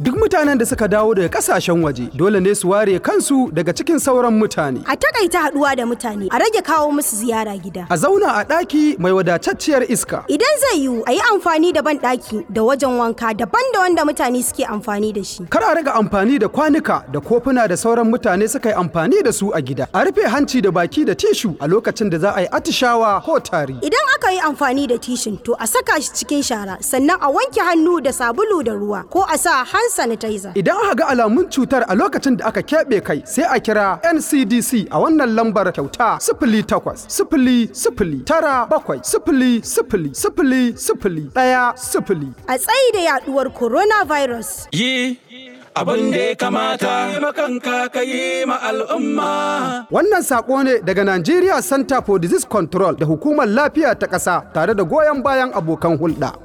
Duk mutanen da suka dawo daga kasashen waje dole ne su ware kansu daga cikin sauran mutane. A takaita haduwa da mutane, a rage kawo musu ziyara gida. A zauna a ɗaki mai wadatacciyar iska. Idan zai yiwu, a yi amfani da ban ɗaki da wajen wanka daban da wanda mutane suke amfani da shi. Kar a rage amfani da kwanuka da kofuna da sauran mutane suka yi amfani da su a gida. A rufe hanci da baki da tishu a lokacin da za a yi atishawa ko tari. Idan aka yi amfani da tishin to a saka shi cikin shara sannan a wanke hannu da sabulu da ruwa ko a sa hand hand sanitizer. Idan aka ga alamun cutar a lokacin da aka keɓe kai sai a kira NCDC a wannan lambar kyauta sifili takwas sifili sifili tara bakwai sifili sifili sifili sifili ɗaya sifili. A tsayi da yaɗuwar coronavirus. Yi abin da ya kamata makanka ka yi ma al'umma. Wannan saƙo ne daga Nigeria Center for Disease Control da Hukumar Lafiya ta ƙasa tare da goyon bayan abokan hulɗa.